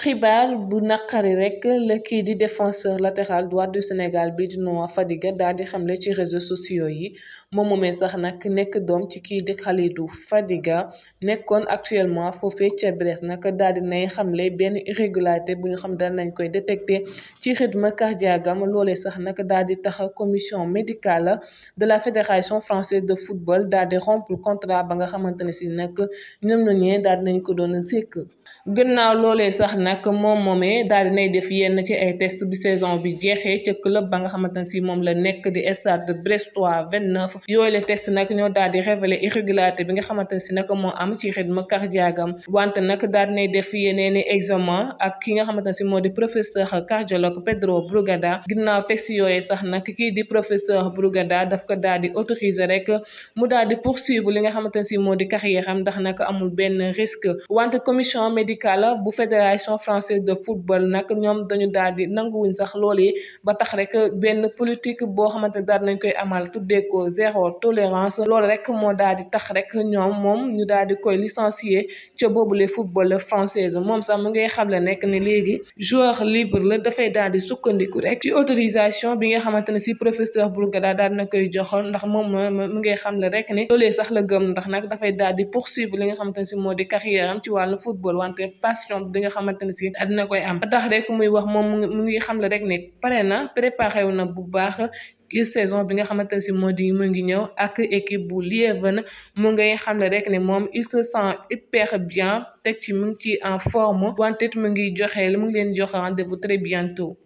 xibaar bu naqari rek la kii di défenseur latéral droit du Sénégal bi di Noah Fadiga daal di xamle ci réseau sociaux yi moom moomee sax nag nekk doom ci kii di Khalidou Fadiga nekkoon actuellement foofee ca Brest nag daal di nay xamle benn irrégularité bu ñu xam daal nañ koy détecté ci rythme cardiaque am loolee sax nag daal di tax commission médicale de la fédération française de football dal di rompre contrat ba nga xamante ne si nag ñoom ñoo ñee daal di nañ ko doon sékk nag moom moomee daal dinay def yenn ci ay test bi saison bi jeexee ca club ba nga xamante ne si moom la nekk di stade brestois 29 yooyu la test nag ñoo daal di révélé irrégularité bi nga xamante si nag moo am ci rythme cardiaque am wante nag daal dinay def yeneen i examen ak ki nga xamante si moo di professeur cardiologue Pedro Brugada ginnaaw test yooyee sax nag kii di professeur Brugada daf ko daal di autoriser rek mu dal di poursuivre li nga xamante ne si moo di carrière am ndax nag amul benn risque fédération française de football nag ñoom dañu daal di nanguwuñ sax loolee ba tax rek benn politique boo xamante ne daal nañ koy amal tuddee ko zéro tolérance loolu rek moo daal di tax rek ñoom moom ñu daal di koy licencier ca boobule football française moom sax mu ngay xam le nekk ni léegi joueur libre la dafay daal di sukkandiku rek ci autorisation bi nga xamante ne si professeur Bourgada daal na koy joxoon ndax moom mu ngay xam le rek ne loolee sax la gëm ndax nag dafay daal di poursuivre li nga xamante ne si moo di carrière am ci wàllu football wante passion bi nga xamante ne koy am ba tax rek muy wax moom mu ngi xam la rek ne pare na préparé wu na bu baax ngir saison bi nga xamante ne si moo di mu ngi ñëw ak équipe bu Lieven mu ngay xam la rek ne moom il se sent hyper bien teg ci mu ngi ci en forme wante mu ngi joxe mu ngi leen joxe rendez-vous très bientôt.